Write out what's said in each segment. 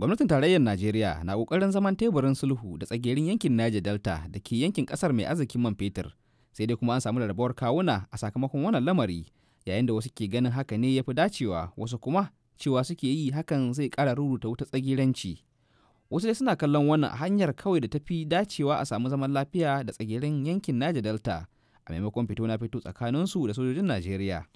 gwamnatin tarayyar najeriya na kokarin zaman teburin sulhu da tsagerin yankin niger delta da ke yankin kasar mai arzikin man fetur sai dai kuma an samu rabuwar kawuna a sakamakon wannan lamari yayin da wasu ke ganin haka ne ya fi dacewa wasu kuma cewa suke yi hakan zai kara ruruta wata tsagiranci wasu dai suna kallon wannan hanyar kawai da ta fi dacewa a samu zaman lafiya da tsagerin yankin niger delta a maimakon fito na fito tsakaninsu da sojojin najeriya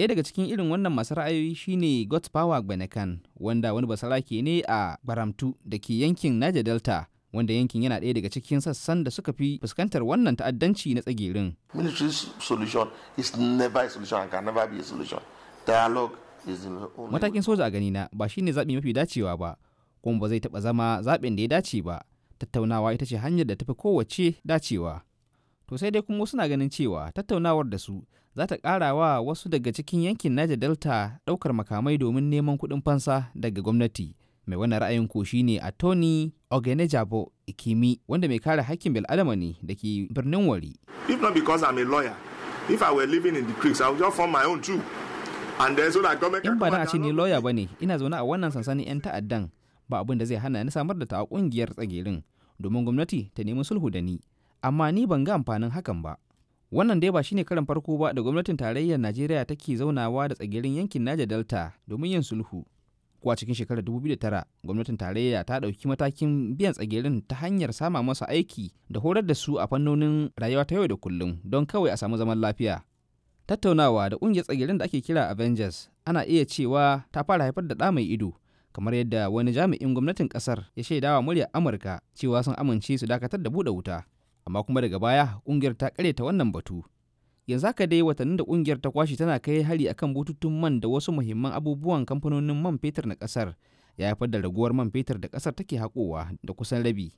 ɗaya daga cikin irin wannan masu ra'ayoyi shine power gbenekan wanda wani basarake ne a baramtu da ke yankin niger delta wanda yankin yana ɗaya daga cikin sassan da suka fi fuskantar wannan ta'addanci na tsagirin. Matakin soja a ganina ba shine ne zaɓi mafi dacewa ba, kuma ba zai taɓa zama zaɓin da ya dace ba. Tattaunawa ita ce hanyar da tafi kowace dacewa. to sai dai kuma suna ganin cewa tattaunawar da su za ta ƙara wa wasu daga cikin yankin Niger Delta ɗaukar makamai domin neman kuɗin fansa daga gwamnati. Mai wannan ra'ayin ko shine Attorney Ogenejabo Ikimi wanda mai kare hakkin bil'adama ne da ke birnin Wari. If not because I'm a lawyer, if I were living in the creeks, I would just form my own too. And then so that government In ba da a ce ni lawyer bane, ina zaune a wannan sansanin 'yan ta'addan ba abin da zai hana ni samar da ta ƙungiyar tsagerin domin gwamnati ta nemi sulhu da ni. amma ni ban ga amfanin hakan ba wannan dai ba shine karan farko ba da gwamnatin tarayyar najeriya take zaunawa da tsagirin yankin naja delta domin yin sulhu kuwa cikin shekarar 2009 gwamnatin tarayya ta ɗauki matakin biyan tsagirin ta hanyar sama masa aiki da horar da su a fannonin rayuwa ta yau da kullum don kawai a samu zaman lafiya tattaunawa da ƙungiyar tsagirin da ake kira avengers ana iya cewa ta fara haifar da ɗa mai ido kamar yadda wani jami'in gwamnatin ƙasar ya shaidawa muryar amurka cewa sun amince su dakatar da buɗe wuta amma kuma daga baya ƙungiyar ta ta wannan batu yanzu haka dai watannin da ƙungiyar ta kwashe tana kai hari akan bututun man da wasu muhimman abubuwan kamfanonin man fetur na ƙasar ya haifar da raguwar man fetur da ƙasar take haƙowa da kusan rabi